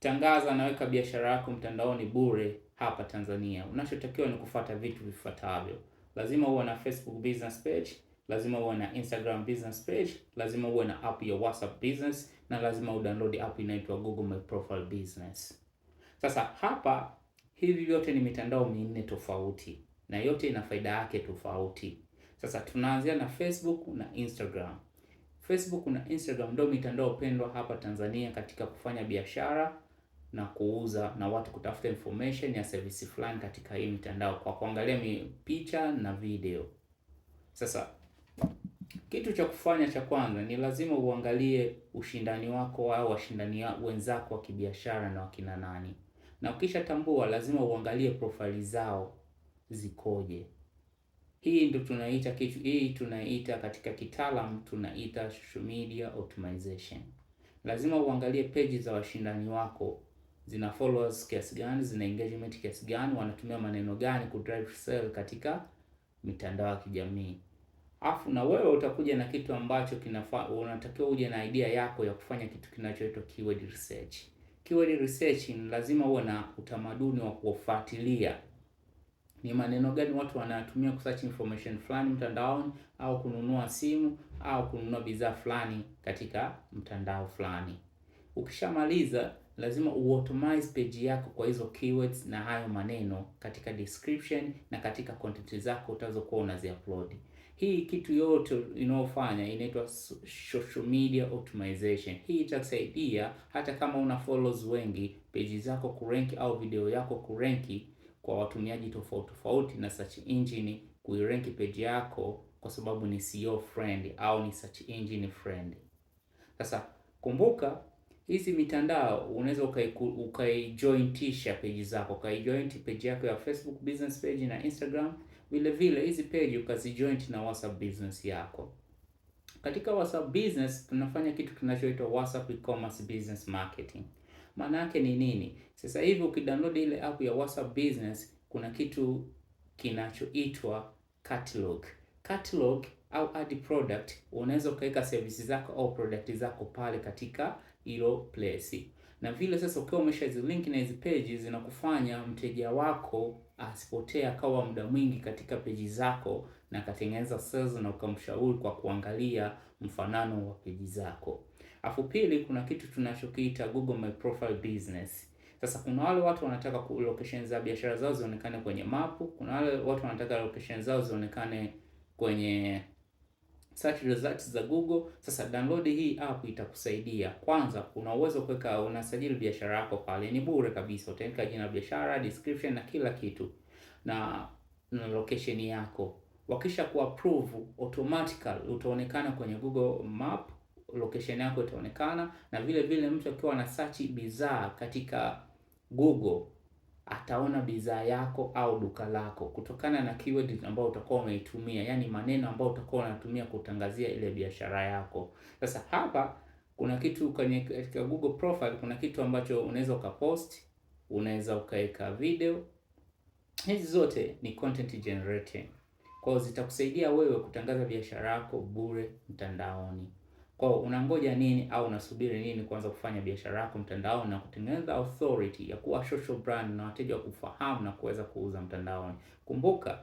tangaza naweka biashara yako mtandaoni bure hapa Tanzania, unachotakiwa ni kufuata vitu vifuatavyo. Lazima uwe na Facebook business page, lazima uwe na Instagram business page, lazima uwe na app ya WhatsApp business na lazima udownload app inaitwa Google My Profile Business. Sasa hapa hivi vyote ni mitandao minne tofauti na yote ina faida yake tofauti. Sasa tunaanzia na Facebook na Instagram. Facebook na Instagram ndio mitandao pendwa hapa Tanzania katika kufanya biashara na kuuza na watu kutafuta information ya service fulani katika hii mitandao kwa kuangalia picha na video. Sasa kitu cha kufanya cha kwanza ni lazima uangalie ushindani wako au washindani wenzako wa kibiashara na wakina nani, na ukishatambua, lazima uangalie profile zao zikoje. Hii ndio tunaita kitu, hii tunaita katika kitaalam tunaita social media optimization. Lazima uangalie peji za washindani wako zina followers kiasi gani, zina engagement kiasi gani, wanatumia maneno gani ku drive sale katika mitandao ya kijamii. Afu na wewe utakuja na kitu ambacho kinafaa, unatakiwa uje na idea yako ya kufanya kitu kinachoitwa keyword research. Keyword research ni lazima uwe na utamaduni wa kufuatilia ni maneno gani watu wanatumia ku search information fulani mtandaoni, au kununua simu au kununua bidhaa fulani katika mtandao fulani. Ukishamaliza lazima uautomize page yako kwa hizo keywords na hayo maneno katika description na katika content zako utazokuwa unaziupload. Hii kitu yote inayofanya inaitwa social media optimization. Hii itakusaidia hata kama una followers wengi, page zako kurenki au video yako kurenki kwa watumiaji tofauti tofauti, na search engine kuirenki page yako kwa sababu ni SEO friend au ni search engine friend. Sasa kumbuka hizi mitandao unaweza ukaijointisha peji zako, ukaijoint peji yako ya Facebook business page na Instagram, vile vile hizi peji ukazijoint na WhatsApp business yako. Katika WhatsApp business tunafanya kitu kinachoitwa WhatsApp e-commerce business marketing. Maana yake ni nini? Sasa hivi ukidownload ile app ya WhatsApp business kuna kitu kinachoitwa catalog. Catalog au add product, unaweza ukaweka services zako au product zako pale katika hilo place, na vile sasa ukiwa umesha hizi link na hizi page zinakufanya mteja wako asipotee akawa muda mwingi katika peji zako na akatengeneza sales na ukamshauri kwa kuangalia mfanano wa peji zako. Afu pili, kuna kitu tunachokiita Google My Profile Business. Sasa kuna wale watu wanataka location za biashara zao zionekane kwenye mapu, kuna wale watu wanataka location zao zionekane kwenye search results za Google. Sasa download hii app itakusaidia. Kwanza kuna uwezo kuweka, unasajili biashara yako pale, ni bure kabisa. Utaweka jina la biashara, description na kila kitu na, na location yako. Wakisha ku approve automatically utaonekana kwenye Google Map, location yako itaonekana, na vile vile mtu akiwa ana search bidhaa katika Google ataona bidhaa yako au duka lako kutokana na keyword ambayo utakuwa umeitumia, yani maneno ambayo utakuwa unatumia kutangazia ile biashara yako. Sasa hapa kuna kitu kwenye katika Google profile, kuna kitu ambacho unaweza ukapost, unaweza ukaweka video. Hizi zote ni content generating, kwa hiyo zitakusaidia wewe kutangaza biashara yako bure mtandaoni. Kwa unangoja nini au unasubiri nini kuanza kufanya biashara yako mtandaoni na kutengeneza authority ya kuwa social brand na wateja wa kufahamu na kuweza kuuza mtandaoni? Kumbuka,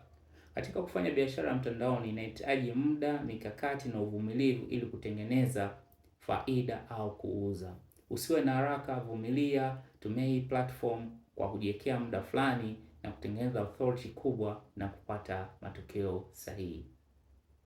katika kufanya biashara mtandaoni inahitaji muda, mikakati na uvumilivu ili kutengeneza faida au kuuza. Usiwe na haraka, vumilia, tumia hii platform kwa kujiwekea muda fulani na kutengeneza authority kubwa na kupata matokeo sahihi.